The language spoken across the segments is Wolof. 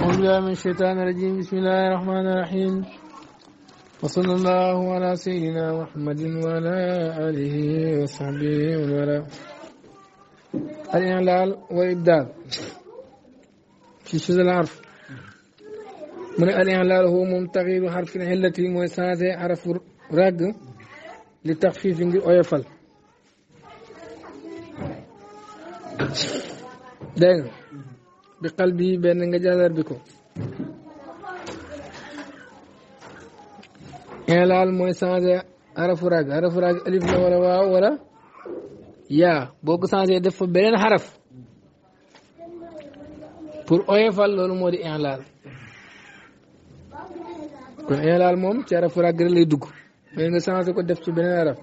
أعوذ بالله من الشيطان الرجيم بسم الله الرحمن الرحيم وصلى الله على سيدنا محمد وعلى آله وصحبه وعلى الإعلال والإبدال في شذ العرف من الإعلال هو ممتغير حرف العلة الموسادة حرف رد لتخفيف ويفل دائما bi xal bi benn nga jàllar bi ko inlaal mooy changé xarafu rag xarafu rag alif waaw wala yaa boo ko changé def fa beneen xaraf pour oyefal loolu moo di inlaal kon inlaal moom ci xarafu rag rek lay dugg mais nga changé ko def ci beneen xaraf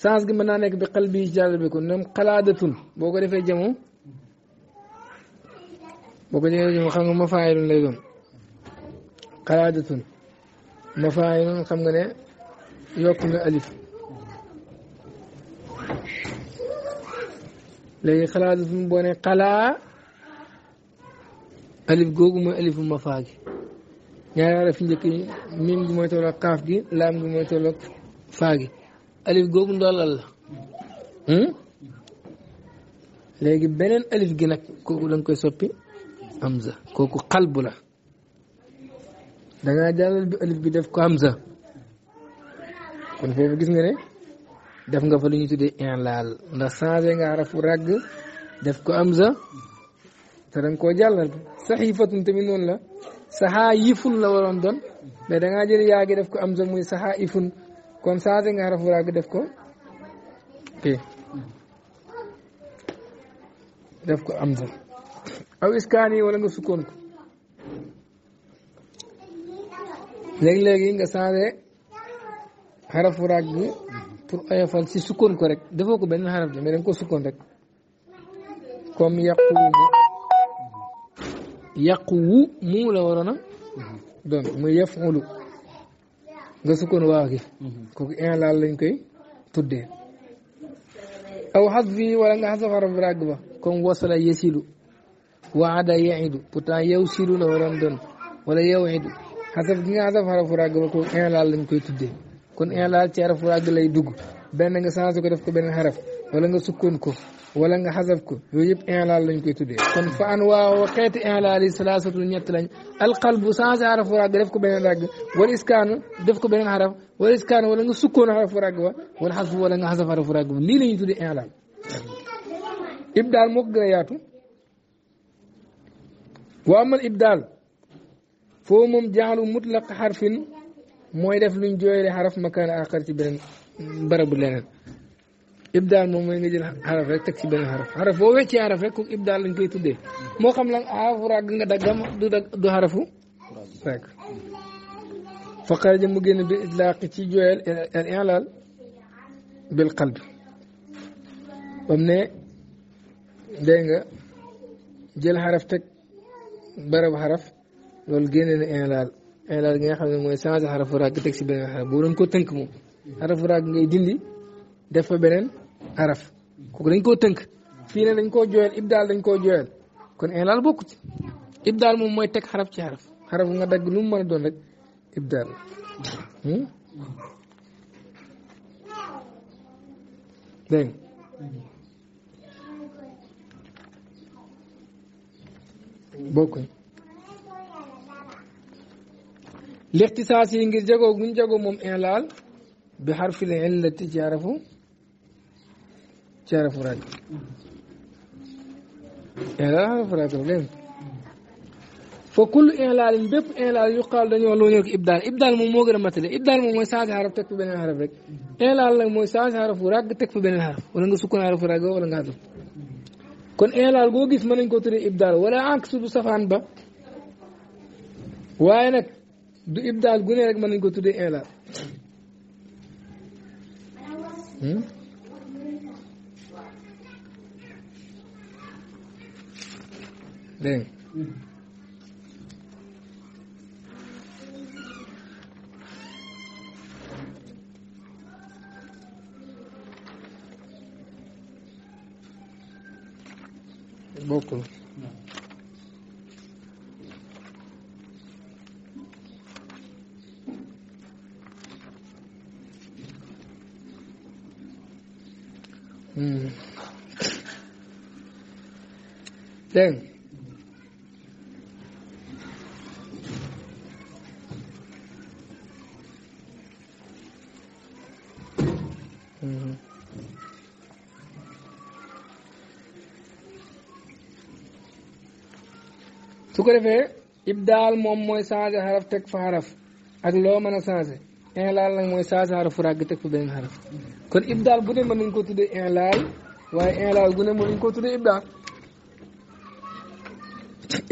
change gi mën naa nekk bi xal bi jàllar bi ko nem xalaadatun boo ko defee jamu boo ko jëlee ñoom xam nga mafaayilun lay doon xalaadatun mafaayilun xam nga ne yokk nga alif léegi xalaadatun boo ne xalaa alif googu mooy alifu mafaa gi ñaari araf njëkk yi miim gi mooy tolloog kaaf gi laam gi mooy tolloog faa gi alif googu ndollal la hmm? léegi beneen alif gi nag kooku da koy soppi hamza kooku xalbu la danga jàllal bi alif bi def ko hamza kon foofu gis nga ne def nga fa lu ñu tuddee inlaal ndax changé nga arafu ragg def ko hamza te danga koo jàllal saxiifatun tamit noonu la saxaayifun la waroon doon mais dangaa jël yaa def ko hamza muy saxaayifun kon changé nga arafu ràgg def ko def ko hamza aw iskaan yi nga sukkoon ko léegi-léegi nga changé xarafu raag bi pour oyofal si sukkoon ko rek defoo ko benn xaraf de mais da nga ko sukkoon rek nga sukkoon waaw gi mhm. kooku in laal lañ koy tuddee aw xas bi wala nga xasaf xaraf raag ba comme wasala yesilu waada yaidu pourtant yow silu na waroon doon wala yow idu xasaf gi nga xasaf xarafu ràgg ba ko inlaal lañ koy tuddee kon inlaal ci xarafu ràgg lay dugg benn nga changé ko def ko beneen xaraf wala nga sukkoon ko wala nga xasaf ko yooyu yëpp inlaal lañ koy tuddee kon fa an waaw xeeti inlaal yi salaasatu ñett lañ alqalbu changé xarafu ràgg def ko beneen ràgg wala iskaanu def ko beneen xaraf wala iskaanu wala nga sukkoon xarafu ràgg ba wala xasfu wala nga xasaf xarafu ràgg ba lii la ñuy tuddee inlaal ibdaal moo ko gën a yaatu واما الابدال فهم جعلوا مطلق حرف موي داف لون جويري حرف مكان اخر تي بن برب لنن ابدال موم موي نجي حرف رك تك سي بن حرف حرف بو وتي حرف رك ابدال لنج كاي تودي مو خم لا افراغ nga dagam du du harfu fek فقال جم جن بإطلاق تجوال الإعلال بالقلب ومن دينغا جل حرفتك barab xaraf loolu génne na inlaal inlaal nga xam ne mooy changé xarafu raag gi teg si beneen xaraf boo doon ko tënk moom xarafu raag ngay dindi def beneen xaraf kooku dañ koo tënk fii ne dañ koo jooyal ibdaal dañ koo jooyal kon inlaal bokku ci ibdaal moom mooy teg xaraf ci xaraf xaraf nga dagg lu mu mën a doon rek ibdaal hmm? dégg bokkuñ lixtisaas yi ngir jagoo guñ jagoo moom inlaal bi xarfil illati ci arafu ci arafu raaj inlaal arafu raaj problème fa kullu inlaalin bépp inlaal yu xaal dañu wax loo ñëw ko ibdaal ibdaal moom moo gën a matale ibdaal moom mooy saasi xaraf teg fi beneen xaraf rek inlaal nag mooy saasi xarafu ràgg teg fi beneen xaraf wala nga sukkoon xarafu ràgg wala nga xadul kon inlaal goo gis mën nañ ko tuddee ibdaal wala aks du safaan ba waaye nag du ibdaal gu ne rek mën nañ ko tuddee bokkul hmm. dégg ko defee ibdaal moom mooy changé xaraf teg fa xaraf ak loo mën a changé inlaal nag mooy changé fu ràgg teg fa benn xaraf kon ibdaal bu ne mën nañ ko tuddee inlaal waaye inlaal gu ne mën nañ ko ibdaal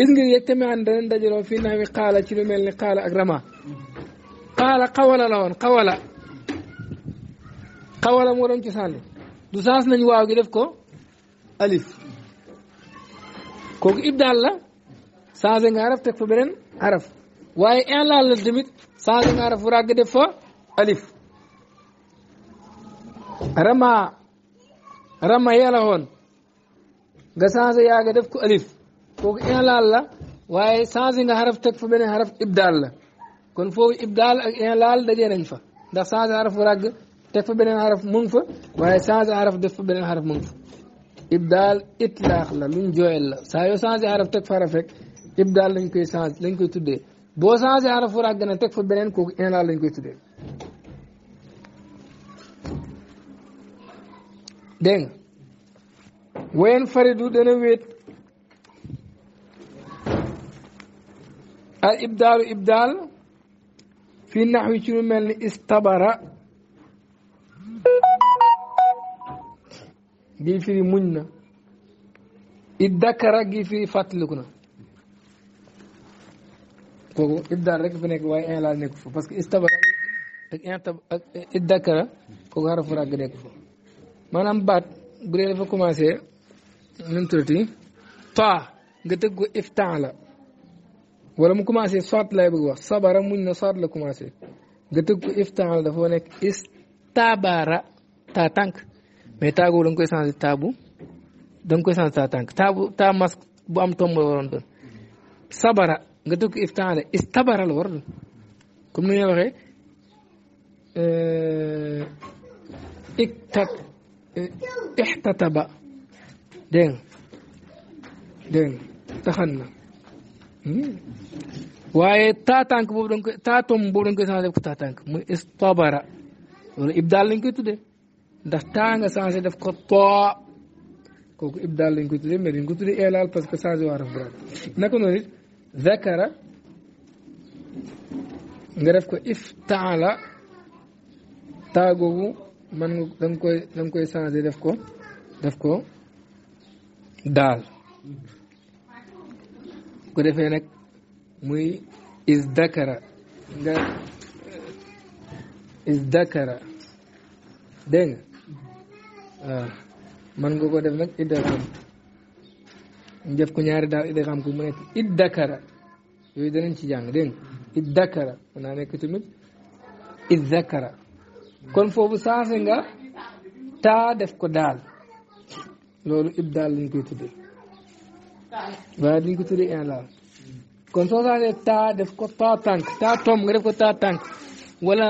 is ngir yëg tamit an danañ dajaloo fii nax wi xaala ci lu mel ni xaala ak rama xaala xawala la woon xawala xawala moo doon ci du saas nañ waaw gi def ko alif kooku ibdaal la changé nga araf teg fa beneen araf waaye in laal la tamit changé nga araf ràgg def fa alif rama rama yàlla woon nga changé yaa nga def ko alif kooku in laal la waaye changé nga araf teg fa beneen araf ibdaal la kon foofu ibdaal ak in laal dajee nañ fa ndax changé araf ràgg teg fa beneen araf mu ngi fa waaye changé araf def fa beneen araf mu ngi fa ibdaal itlaaq la luñ jooyal la saa yoo changé araf teg fa araf rek ibdaal lañ koy changé lañ koy tuddee boo changé xarafu ràgg na teg fa beneen kooku inlaal lañ koy tuddee dégg nga wayen faridu dana wéet al ibdaalu ibdaal fii naxwi ci lu mel ni istabara gi firi muñ na iddakara gi firi fàttaliku na kooku ibdaal rek fi nekk waaye in laa nekku ak intab ak kooku xarafu ràgg nekku fa maanaam baat bu dee dafa commencé num turati nga tëgg ko iftan la wala mu commencé soit lay bëgg wax sabara mu na soit la commencé nga tëgg ko iftan la dafa nekk istabara ta tànk mais taago da nga koy changé taabu da nga koy changé ta tànk taabu ta masque bu am tomb doon sabara nga dëkk iftaala istabaral war comme ni ñu waxee euh, iktat euh, ixtataba dégg nga dégg nga taxan na hmm? waaye taatànk boobu dañ koy taatom boobu dañ koy changé def ko taatànk muy ibdaal lañ koy tuddee ndax taa nga changé def ko too kooku ibdaal lañ koy tuddee mais dañ ko tuddee eelaal parce que changé naka noonu zakara nga def ko iftaala taagoogu man nga da koy da koy changé def ko def ko daal ko defee nag muy is dakara nga is dakara dégg nga waaw man nga ko def nag iddakan ñu ko ñaari daaw idgaam ko mu nekk iddakara yooyu danañ ci jàng dégg nga iddakara naa nekk tamit iddakara kon foofu saase nga taa def ko daal loolu ibdaal lañ koy tuddee waaye ko tuddee kon soo saasee taa def ko taa tànk taa tomb nga def ko taa tànk wala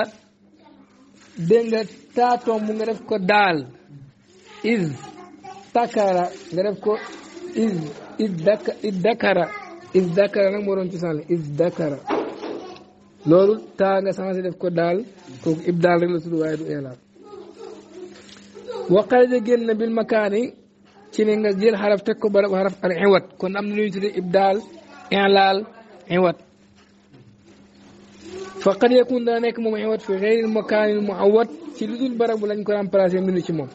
dégg nga taa tomb nga def ko daal iz takara nga def ko iz id dakara id dakara nag moo doon cosaan la id dakara loolu taa nga changé def ko daal kooku ib daal rek la tudd waaye du eelaal waqaraja génn bil makaani ci ne nga jël xaraf teg ko barab xaraf al iwat kon am na lu ñu tuddee ib daal ilaal iwat fa qad yakun daa nekk moom iwat fi xeyril makaanil mu awat ci lu dul barab bu lañ ko remplacé mbind ci moom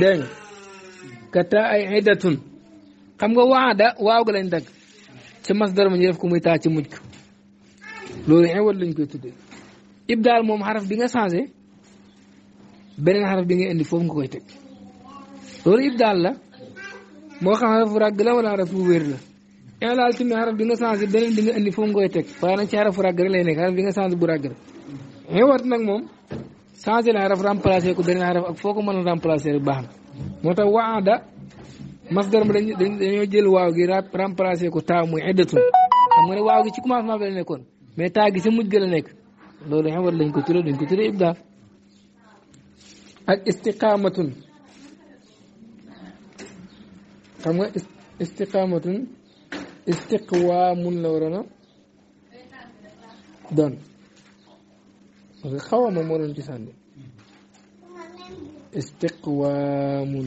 dégg nga kata ay iddatun xam nga waada waaw ga lañ dagg ca masdar ma ñu ko muy taa ci mujj ko loolu iwad lañ koy tuddee ibdaal moom xaraf bi nga changé beneen xaraf bi nga indi foofu nga koy teg loolu la moo xam xarafu ràgg la wala la ilaal tamit xaraf bi nga changé beneen bi nga indi foofu nga koy teg waaye nag ci xarafu ràgg rek lay nekk xaraf bi nga changé bu ràgg rek iwad nag moom changé la xaraf remplacé ko beneen xaraf ak foo ko mën a remplacé rek baax na moo tax waada masdar ma dañ dañoo jël waaw gi remplacé ko taa muy iddatu xam nga waaw gi ci commencement bi la nekkoon mais taa gi sa mujj ga la nekk loolu xewar lañ ko tudde dañ ko tudde ibdaal ak istiqaamatun xam nga istiqaamatun istiqwaamun la waroon a doon parce que xaw ma moo doon ci istiqwaamun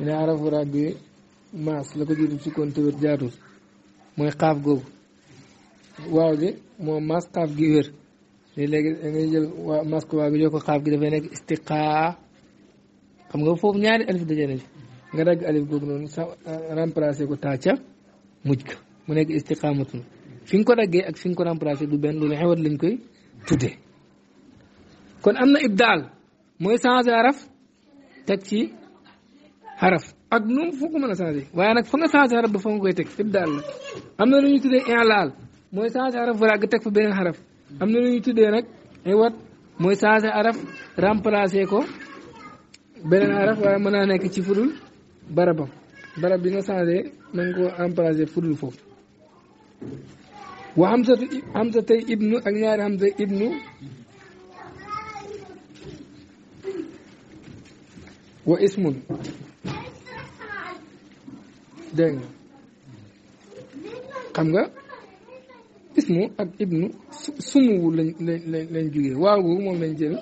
mu ne arafu raag bi maas la ko jiitu sukkoon te wér jaatul mooy xaaf googu waaw gi moom maas xaaf gi wér léegi da ngay jël waa maas ko waaw gi yokk xaaf gi dafay nekk istiqaa xam nga foofu ñaari alif daje na nga dagg alif googu noonu sa euh, remplacé ko taaca mujj mu nekk istiqaamatun fi nga ko daggee ak fi nga ko remplacé du benn loolu xewat lañ koy tudde kon am ibdaal mooy changé araf teg ci xaraf ak nu fu ko mën a changé waaye nag fa nga changé xaraf ba fa nga koy teg fépp daal la am na lu ñuy tuddee inlaal mooy changé xaraf wala nga teg fa beneen xaraf am na lu ñuy tuddee nag wat mooy changé xaraf remplacé ko beneen xaraf waaye mën na nekk ci fudul barabam barab bi nga changé mën nga koo remplacé fudul foofu wa hamsatu hamsa tey ibnu ak ñaari hamsa ibnu wa ismun dégg nga xam nga ismu ak ibnu sumuwu lañ lañ lañ jugee waaw googu moom lañ jël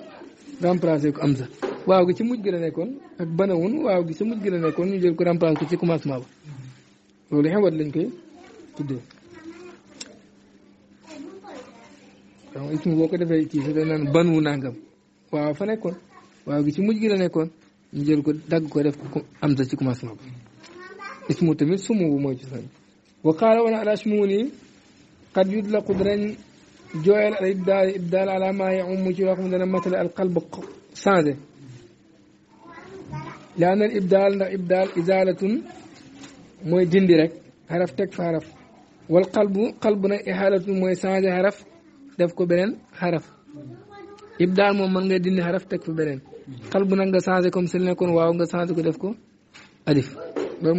remplacé ko amza waaw gi ci mujj gi la nekkoon ak banawun waaw gi ci mujj gi la nekkoon ñu jël ko remplacé ko ci commencement ba loolu xewat lañ koy tuddee ismu boo ko defee ci sa da naan banu nangam waaw fa waaw gi ci mujj gi la nekkoon ديال كو داك كو ريف كو امزه تي كوماس نوب اسمو تميت سمو بو موي سان وقال وانا على شموني قد يدل قدرن جويل الابدال ابدال على ما يعم جي واخ من مثل القلب سادة لان الابدال لا ابدال ازاله موي ديندي رك حرف تك فارف والقلب قلبنا احاله موي سادة حرف داف كو بنن حرف ابدال مو من غا ديندي حرف تك في بنن xalbu nag nga changé comme si nekkoon waaw nga changé ko def ko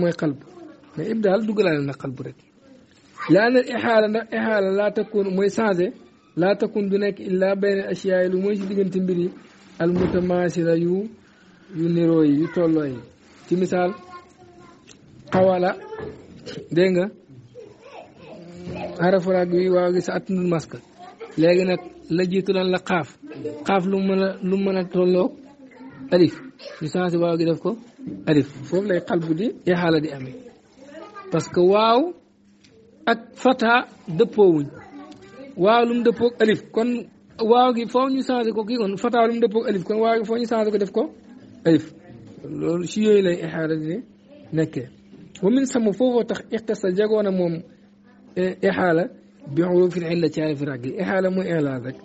mooy xalbu mais ibdaal duggalaale na xalbu rek laa nal ixaala ndax nekk illaa bayna asiyaa lu mooy si diggante mbir yi al mutamaasila dégg nga xarafu léegi nag la jiitu lan la xaaf xaaf lu mën a lu mën a tolloog alif ñu changé waaw gi def ko alif foofu lay xal bu di ixaala di amee parce que waaw ak fata dëppoowuñ waaw lu mu dëppoog alif kon waaw gi foo ñu changé ko kii kon fata lu mu dëppoog alif kon waaw gi foo ñu changé ko def ko alif loolu si yooyu lay ixaala di nekkee wa min sama foofoo tax ixtasa jagoon a moom ixaala e, bi xurufil illa ci ay firaq yi ixaala mooy ilaaj rek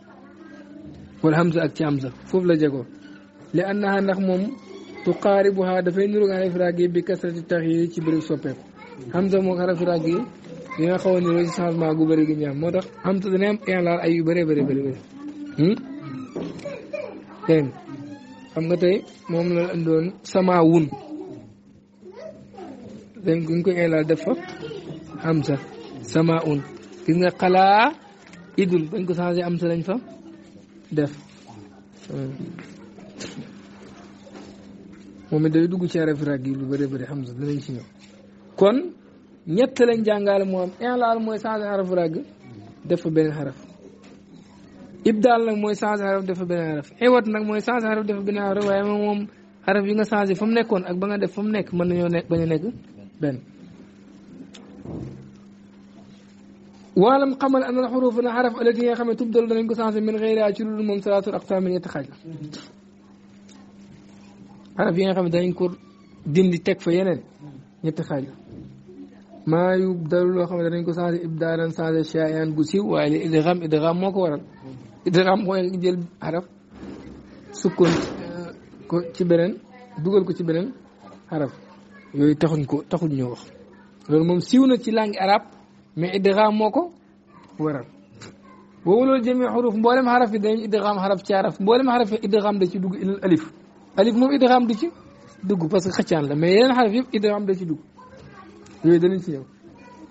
wala hamza ak ci hamza foofu la jagoo na annaha ndax moom tuqaaribuha dafay niroog xarafi raag yi bi kasrati taxyiri ci bëri soppeeku hamza moom xarafi raag yi xaw a niroo ci changement gu bëri gi ñu am moo tax hamza dana yu bëree bëri bëri xam nga tey moom la doon def fa hamza sama un gis nga xalaa idul bañ ko changé am lañ fa def moom it day dugg ci araf rag yi lu bëri bëri xam nga danañ ci ñëw kon ñett lañ jàngale moo am inlaal mooy changer araf rag dafa benn xaraf ibdaal nag mooy changer araf dafa benn xaraf iwat nag mooy changer araf xaraf waaye moom xaraf yi nga changé fa mu nekkoon ak ba nga def fa mu nekk mën nañoo nekk bañ a nekk benn waalam xamal ana a xuruuf na xaraf alati nga xam ne tubdal danañ ko changé min xëyraa ci lu dul moom salaatul aqsaam ñetti xaaj arab yi nga xam ne danañ ko dindi teg fa yeneen ñetti xaaj maa yu dalu loo xam ne danañ ko changé ibdaalan changé chaayan bu siiw waaye li idgham idgham moo ko waral idgham mooy jël xaraf sukkoon ko ci beneen dugal ko ci beneen xaraf yooyu taxuñ ko taxuñ ñoo wax loolu moom siiw na ci langue arabe mais idgham moo waral wowuloolu jëmee xuruf mboolem xaraf yi danañ idgham xaraf ci xaraf mboolem xaraf idgham da ci dugg ilal alif alif moom idgham di ci dugg parce que xëccaan la mais yeneen xaraf yëpp idgham da ci dugg yooyu danañ ci ñëw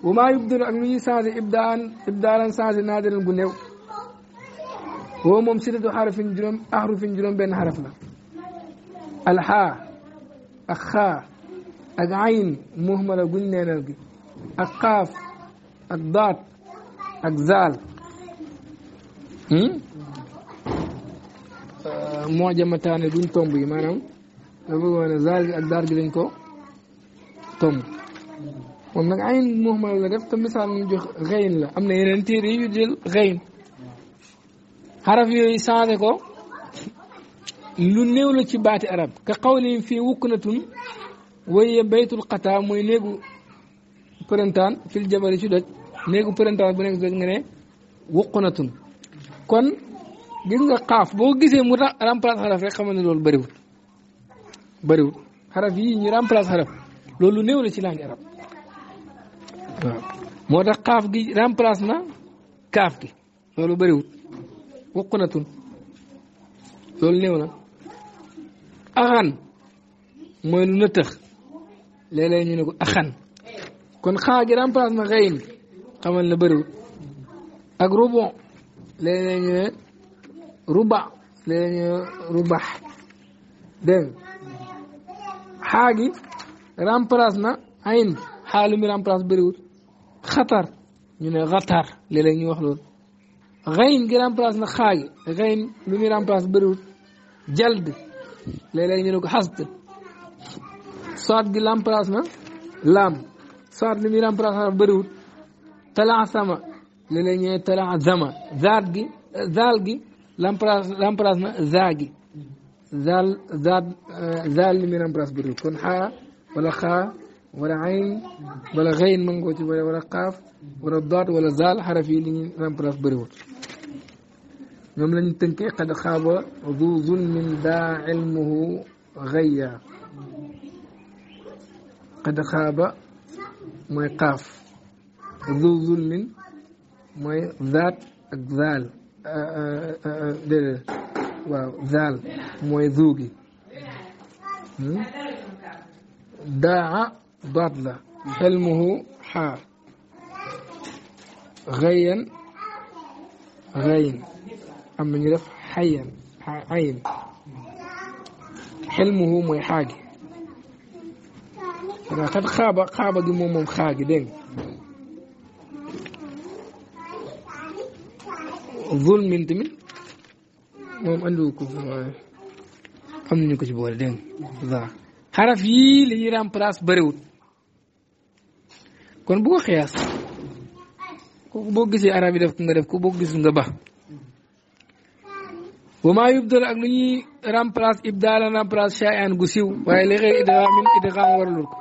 wa maa yubdilu ak nu ñuy changé ibdaan ibdaalan changé naadiran gu néew woo moom sittatu xarafin juróom ahrufin juróom benn xaraf la alxaa ak xaa ak ayn muhmala guñ neenal gi ak xaaf ak daat ak zaal موجة متانة دون توم بي مانام أبو أنا زال الدار جلينكو توم ومن عين مهما رفت مثلا جو غين لا أمنا ينتيري يجل غين حرف يو يسادكو لنيو لكي بات أرب كقولهم في وكنتم وهي بيت القتا موي نيغو برنتان في الجبل شدت نيغو برنتان بنيغو زغنين وقنتم gis nga kaaf boo gisee mu remplace xaraf rek xamal na loolu bëriwul bëriwul xaraf yii ñu remplace xaraf loolu néew la ci langue arab moo tax kaaf gi remplace na kaaf gi loolu bëriwul wokku tun loolu néew na axan mooy nu nëtëx léeg-léeg ñu ne ko axan kon xaa gi remplace na xayin xamal na bëriwul ak rubon léeg-léeg ruba léñu ruba dégg xaa gi remplace na ayn xaa lu mu remplace bëriwul xatar ñu ne xatar léeg-léeg ñu wax loolu xayn gi remplace na xaa gi xayn lu muy remplace bëriwul jald léeg-léeg ko xast gi remplace na laam soit lu muy remplace na bëriwul talaasama léeg-léeg zaat gi zaal gi لامبراز لامبراز زاجي زال زاد زال من لامبراز بدل كن حا ولا خا ولا عين ولا غين من قوتي ولا ولا قاف ولا ضاد ولا زال حرفي لي لامبراز بدل نوم لن تنكي قد خاب ذو ظلم دا علمه غيا قد خاب ما قاف ذو ظلم ما ذات أجزال دل وذال داع بطل حلمه حار غين غين أما نرف حيا عين حلمه مو حاجة خاب خاب دي مو مو خاجة دين zulmin tamit moom andiwu ko am nañu ko ci boole dégg nga xaraf yii li ñuy remplace bëriwut kon bu ko xiyaas kooku boo gisee arab yi def ko nga def ko boo gisul nga ba wa maa yubdal ak lu ñuy remplace ibdaala remplace shay'an gu siw waaye li xëy idghaamin idghaam waralul ko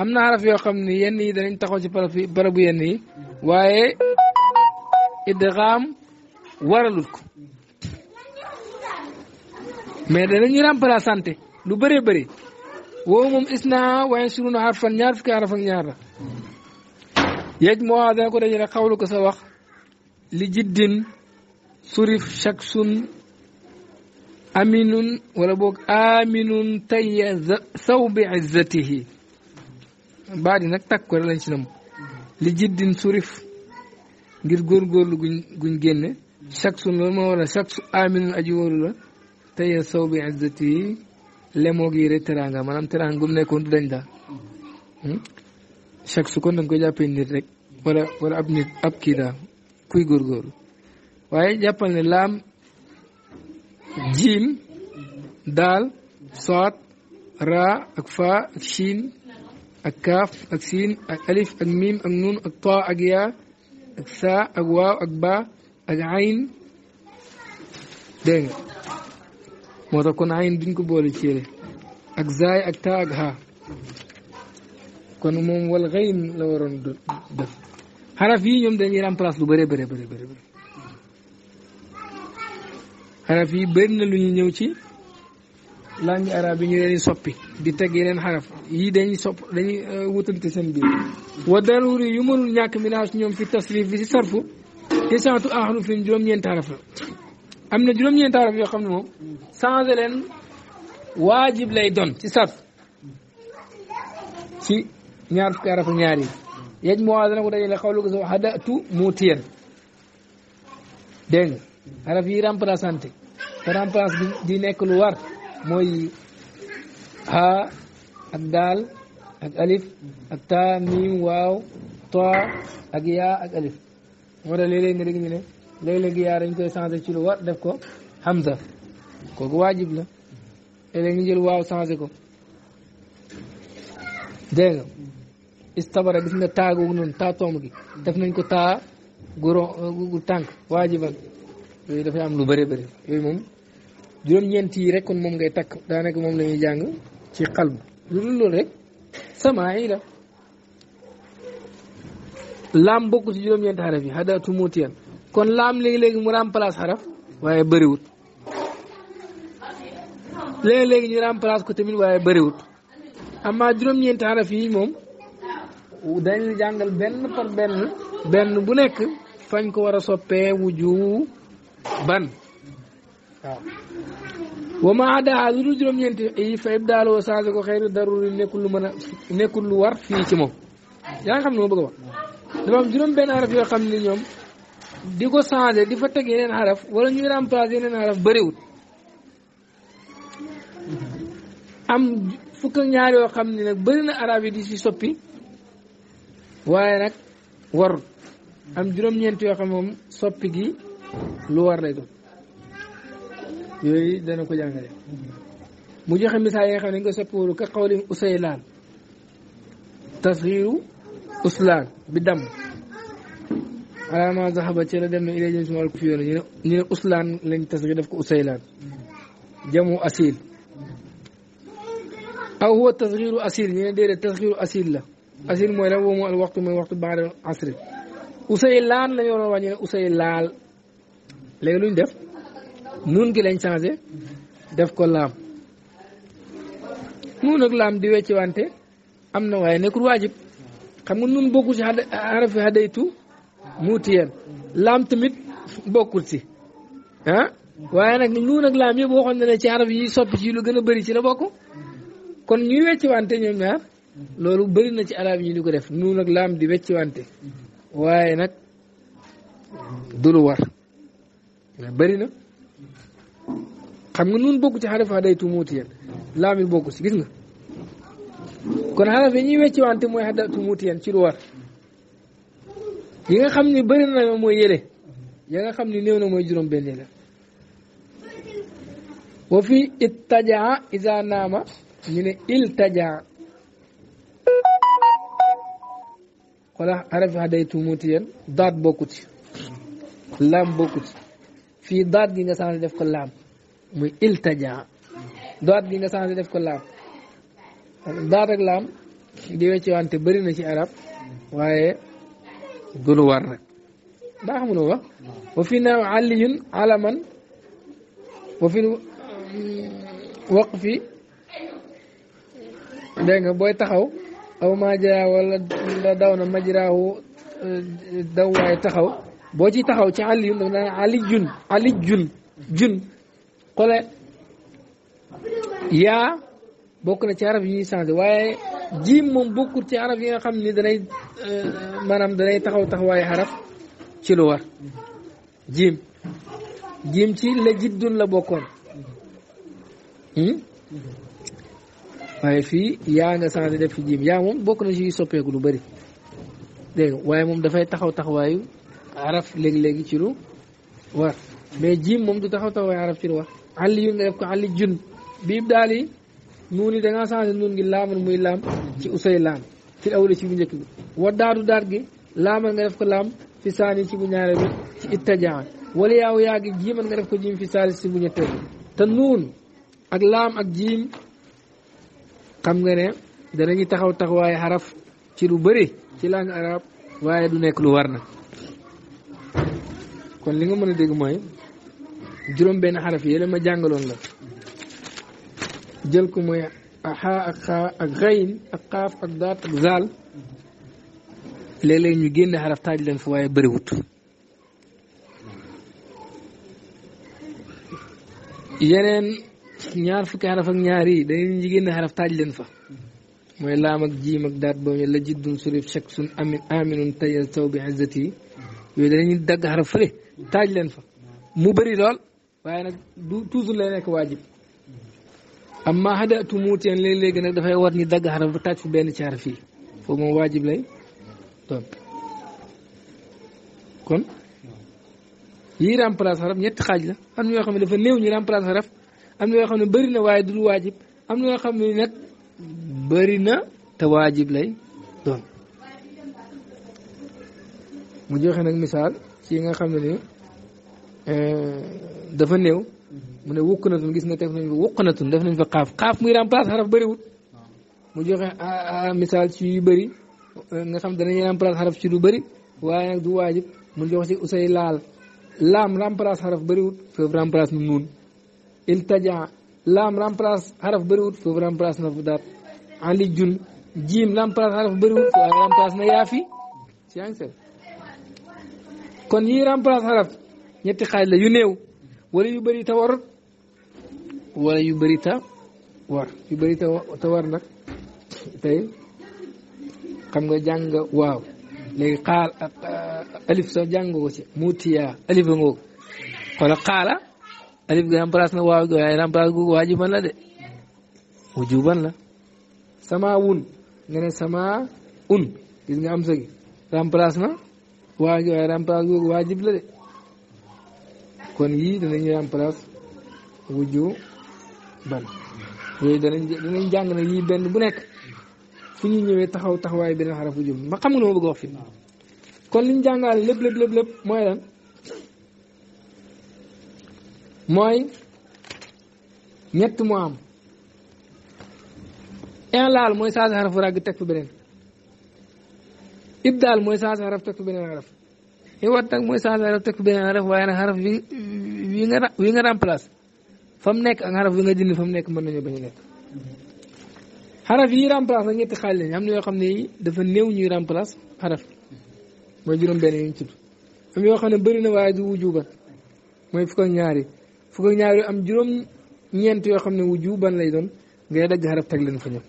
am na xaraf yoo xam ne yenn yi danañ taxaw ci barabu yenn waaye idgham waralut ko mais danañu remplaçante lu bëree bëri woowu moom isna waaye suru na harfan ñaar fukki harf ak ñaar la yej moo dana ko dajale xawlu ko sa wax li jiddin surif shaksun aminun wala boog aminun tayya saw bi izzatihi baat yi nag takk ko rek lañ ci nam li jiddin surif ngir góorgóorlu guñ guñ génne saksun loolu moo war a saksu aminun aji wóoru la bi izzati lemoo gi yëre teranga maanaam teranga bu mu nekkoon hmm? kon da nga koy jàppee nit rek wala wala ab nit ab kii daal kuy góorgóorlu waaye jàppal ne jiim daal saat raa ak faa ak shiin ak kaaf ak siin ak alif ak miim ak nuun ak taa ak yaa ak saa ak waaw ak baa ak ayn dégg nga moo tax kon ayn duñ ko boole ci yére ak zaay ak taa ak ha kon moom wal xayn la waroon def xaraf yi ñoom dañuy remplace lu bëree bëri bëri xaraf yi bëri na lu ñuy ñëw ci langue araab yi ñu leen soppi di teg yeneen xaraf yii dañuy sopp dañuy euh, wutante seen biir wa daruri yu mënul ñàkk minaas ñoom fi tasrif bi ci sarfu tisaatu ahrufin juróom-ñeenti araf la am na juróom-ñeenti araf yoo xam ne moom changé leen waajib lay doon ci sart ci ñaar fukki araf ñaar yi yej mu waa dana ko dajale xawlu ko sa hadatu muutiyan dégg nga araf yi remplaçante te remplace di nekk lu war mooy ha ak daal ak alif ak ta miim waaw toa ak yaa ak alif moo tax léeg-léeg nga dégg ñu ne léeg-léeg yaa dañ koy changé ci lu war def ko hamza kooku waajib la léeg-léeg ñu jël waaw changé ko dégg nga istabara gis nga taa noonu taa tomb gi def nañ ko taa gu gu tànk waajiban yooyu dafay am lu bare bëri yooyu moom juróom-ñeent yi rek kon moom ngay takk daanaka moom lañuy jàng ci xalbu lu dul loolu rek sama yi la laam bokk ci juróom-ñeenti xaraf yi hadaatu muutiyan kon laam léegi-léegi mu remplace xaraf waaye bëriwut léegi-léegi ñu remplace ko tamit waaye bëriwut amaa juróom-ñeenti xaraf yi moom dañ jàngal benn par benn benn bu nekk fañ ko war a soppee wuju ban waaw wa ma adaa lu dul juróom-ñeenti yi fa ibdaaloo changé ko xëy na nekkul lu mën nekkul lu war fii ci moom yaa nga xam ne ma bëgg dafa am juróom benn xaraf yoo xam ni ñoom di ko changé di fa teg yeneen xaraf wala ñuy remplacé yeneen xaraf bëriwut am fukk ak ñaar yoo xam ni nag bari na arab yi di ci soppi waaye nag warut am juróom-ñeent yoo xam moom soppi gi lu war lay doon yooyu dana ko jàngale mu joxe misaal yi nga xam ne nga soppi waru ka xawli usaylaan tasxiiru uslaan bi dam alama zahaba ci la dem na ilay jëm si wàllu kufi yoon ñu ne ne uslaan lañ tasri def ko usaylaan jamu asil aw huwa tasgiru asil ñu ne déedéet tasgiru asil la asil mooy lan woomu al waxtu mooy waxtu baada asri usaylaan la ñu waroon wax ñu ne usaylaal léegi luñ def nun gi lañ changé def ko laam nun ak laam di wecci wante am na waaye nekkul waajib xam nga nun bokkul si xarafi hadaytu muutiyan laam tamit bokkul si ah waaye nag nuun ak laam yëpp waxoon na ne ci xaraf yi soppi ci lu gën a bëri ci la bokk kon ñuy wecci wante ñoom ñaar loolu bëri na ci arab yi ñu ko def nuun ak laam di wecci wante waaye nag du lu war bëri na xam nga nuun bokk ci xarafi hadaytu muutiyan laam yi bokku si gis nga kon xanaa fi ñuy wecci wante mooy xaddaatu muutiyan ci lu war yi nga xam ni bëri na mooy yële ya nga xam ni néew na mooy juróom benn la wa fi ittajaa isa naama ñu ne iltajaa wala xarafi xadaytu muutiyan daat bokkuti laam bokkuti fii daat gi nga sànni def ko laam muy iltajaa daat gi nga sànni def ko laam daat ak laam di wecci wante bëri na ci arab waaye du lu war nag daa xamuloo wa fi naaw alaman wa fi mm, waqfi dégg nga booy taxaw aw majra wala daw na majraahu eh, daw waaye taxaw boo ci taxaw ci aliyun danga naan aliyun alijun jun yaa bokk na ci arab yi changé waaye jiim moom bokkul ci arab yi nga xam ni danay euh, maanaam danay taxaw taxawaayu xaraf ci lu war jiim jiim ci la jiddun la bokkoon hmm? waaye fii yaa nga changé def fi jiim bokk na ci soppeeku lu bari dégg nga waaye moom dafay taxaw taxawaayu xaraf léegi-léegi ci lu war mais jiim moom du taxaw taxawaayu xaraf ci lu war xalli yun nga def ko xalli jun biib daal nuun yi da ngaa changé nuun gi laamal muy laam ci usay laam fil awla ci bu njëkk bi wa daadu daat gi laamal nga def ko laam fi saani ci bu ñaare bi ci ittajaan wala yaaw yaa gi jiimal nga def ko jiim fi saalis ci bu ñetteel te nuun ak laam ak jiim xam nga ne danañu taxaw taxawaay xaraf ci lu bari ci langue arab waaye du nekk lu war na kon li nga mën a dégg mooy juróom benn xaraf yi la ma jàngaloon la jël ko mooy xaa ak xaa ak xayin ak xaaf ak daat ak zaal ñu génne xaraf taaj leen fa waaye bëriwut yeneen ñaar fukki xaraf ak ñaar yi dañuy ñu génne taaj leen fa mooy laam ak jiim ak daat boobu la jiddum surif chek sun amin aminun tayal taw taaj leen fa mu bëri lool waaye nag du toujours lay nekk amma hadaatu muuteen léeg-léegi nag dafay war ñu dagg xaraf bu tàj fu benn ci xaraf yi foofu moom waajib lay doon kon yii remplace xaraf ñetti xaaj la am na yoo xam ne dafa néew ñi remplace xaraf am na yoo xam ne bëri na waaye du waajib am na yoo xam ne nag bëri na te waajib lay doon mu joxe nag misaal ci nga xam ne ni eh, dafa néew mu ne wukkanatun gis nga def nañ wukkanatun def nañ fa xaaf xaaf muy remplace xaraf bëriwut mu joxe misaal ci yu bëri nga xam danañ remplace xaraf ci lu bëri waaye nag du waajib mu joxe ci usay laal laam remplace xaraf bëriwut foofu remplace nu nuun iltaja laam remplace xaraf bëriwut na fu daat ali jun jiim remplace na yaafi si yaa ngi seet kon yi remplace xaraf ñetti xaaj la yu néew wala yu bëri tawarut wala yu bari ta war yu bari ta te war wow, tey xam nga jang waaw alif so jang ko ci mutiya alif a ko la alif am place na waaw ram place go waji man la de wujuban la sama un, nga sama un gis nga am sa gi place na waaw ay ram place go wajib la de kon place benn yooyu danañ danañ jàng yii benn bu nekk fu ñuy ñëwee taxaw taxawaay beneen xarafu jëm ma xam nga ne ma bëgg a wax fii kon liñ jàngaale lépp lépp lépp lépp mooy lan mooy ñett moo am inlaal mooy saasi xarafu ràgg teg fa beneen ibdaal mooy saasi xaraf teg fa beneen xaraf iwat nag mooy saasi xaraf teg fa beneen xaraf waaye nag xaraf wi wi nga wi nga remplace fa mu nekk ak xaraf bi fa mu nekk mën nañoo bañ a nekk xaraf yi remplace la ñetti xaalis lañ am na yoo xam ne dafa néew ñuy remplace xaraf mooy juróom-benn yi ñu tudd am yoo xam ne bëri na waaye du wujuban mooy fukk ak ñaari fukk ak ñaari am juróom-ñeent yoo xam ne ban lay doon ngay dagg xaraf teg leen fa ñëw.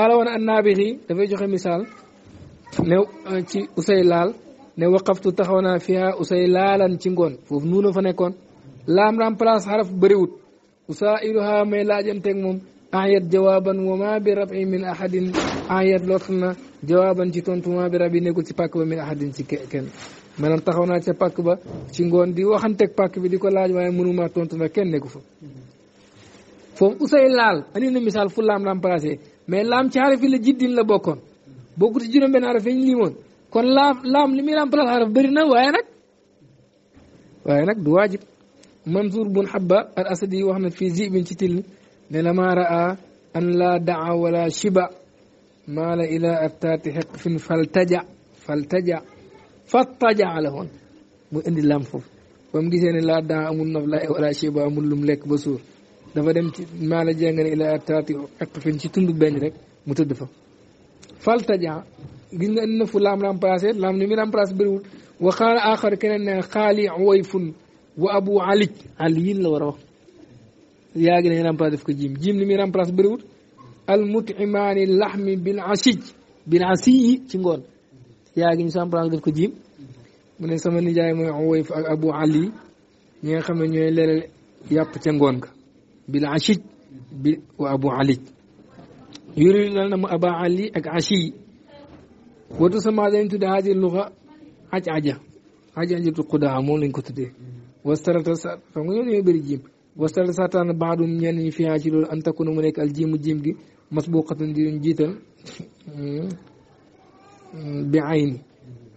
a woon annaabi dafay joxe misaal ne ci usay laal ne waqaftu taxaw naa fiha usay laalan ci ngoon foofu nuuna fa nekkoon. laam remplace xaraf bëriwut usailuha may laajanteeg moom ayat jawaaban wa ma bi rabi min ahadin ayat lot na ci tontu ma bi rabi nekkul ci pàkk ba min ahadin ci kenn ci ngoon di waxanteeg pàkk bi di ko laaj waaye mënuma tontu na kenn nekku fa foofu usay laal andi na misaal fu laam remplacé mais laam ci xaraf yi la jiddin la bokkoon bokkut ci juróom benn xaraf yi ñu kon laam laam li muy remplacé xaraf bëri na waaye waajib Mansour bun Habba al asadi wax na fii zibin ci til ne na maa raa an laa daa wala shiba maa la ilaa artaati xeqfin faltaja faltaja fattaja la woon mu indi lam foofu ba mu gisee ne laa daa amul naflaay wala shiba amul lum lekk ba suur dafa dem ci maa la jàng ne ilaa artaati xeqfin ci tund benn rek mu tëdd fa faltaja gis nga indi na fu laam remplacé laam ni mi remplacé bëriwul wa xaala axar keneen ne xaali woyfun wa abu ali aliyin la war a wax yaa ngi ne remplace daf ko jiim jiim li muy remplace bëriwul al mutimaani laxmi bil asij bil asiyi ci ngoon yaa ngi ñu sa remplace daf ko jiim mu ne sama nijaay mooy Uwayf ak abu ali ñi nga xam ne ñooy leeral yàpp ca ngoon ga bil asij bi wa abu ali yuri lal na mu aba ali ak asiy watu sama dañ tudde haadi luxa aj aja aj ajatu qudaa moom lañ ko tuddee wastarata sa xam nga yooyu dañoo baadum ñenn ñi fiyaa ci loolu an takuna mu nekk al jiimu jiim gi masbuqatan di leen jiital mm, bi ayni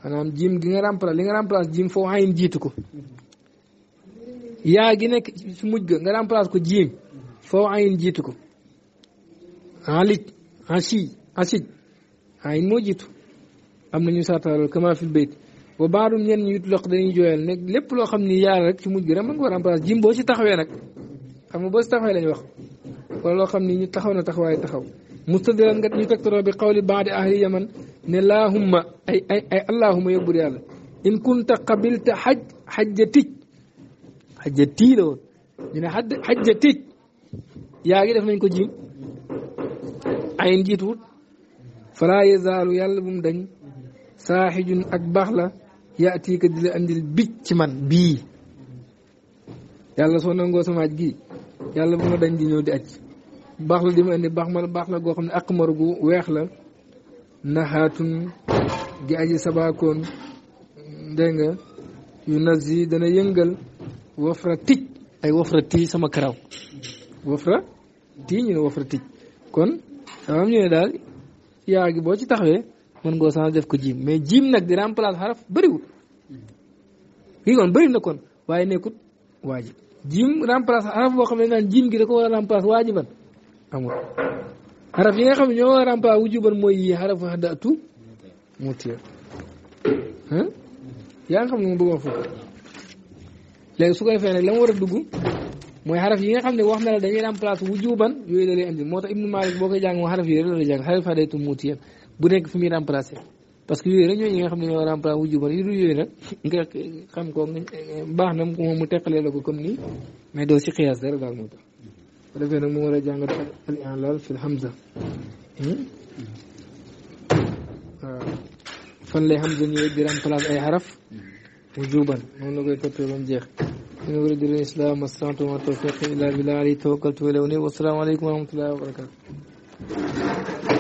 maanaam jiim gi nga remplace li nga remplace jiim foo ayn jiitu ko yaa gi nekk su mujj ga nga remplace ko jiim foo jiitu ko alij ashi asij ayn moo jiitu am wa baadum ñenn ñu yutlaq dañuy jooyal nag lépp loo xam ni yaar rek ci mujj gi rek mën nga ko remplacer jim boo ci taxawee nag xam nga boo ci taxawee lañ wax wala loo xam ni ñu taxaw na taxawaay taxaw mustadilan nga ñu tegtaroo bi qawli baadi ahli yaman ne laahumma ay ay ay allahumma yóbbur yàlla in kunta qabilta xaj xajja tij xajja tii la woon ñu ne xajja tij yaa ngi def nañ ko jiim ayin jiituwut fala yazaalu yàlla bu mu dañ saaxijun ak baax la yaati ka di la andil bic ci man bii yàlla soo nangoo sama aj gi yàlla bu ma dañ di ñëw di aj baax la di ma indi baax ma baax la goo xam ne ak mar gu weex la naxaatun gi aji sabaakoon dégg nga yu nas yi dana yëngal wafra tij ay wafra tii sama karaw wafra tii ñu ne wafra tij kon am ñu ne daal yaa gi boo ci taxawee mën ngoo sax def ko jiim mais jiim nag di remplacer xaraf bëriwul kii kon bëri na kon waaye nekkut waajib jiim remplacer xaraf boo xam ne naan jiim gi da ko war a remplacer waajiban amul xaraf yi nga xam ne ñoo war a remplacer wujuban mooy yi xarafu hadatu mu tiya yaa xam ne mu bëgg a foofu léegi la mu war a yi nga xam ne wax na la dañuy remplacer wujuban yooyu la lay moo tax Ibnu Malik boo koy jàng moo xaraf yooyu la lay jàng xaraf hadatu mu tiya bu nekk fu muy remplacé parce que yooyu rek ñooñu nga xam ne ñoo remplacé wujju bon yu dul yooyu nag nga xam ko baax na moom mu teqalee la ko comme nii mais doo si xiyaas dara daal moo tax bu defee nag mu war a jàngat al i'laal fil hamza hmm? fan na hamza ñëwee di remplacé ay xaraf wujuban noonu la koy toppee ba a jeex إن أريد الإسلام ما استطعت وما توفيقي إلا بالله عليه توكلت وإليه والسلام عليكم ورحمة الله وبركاته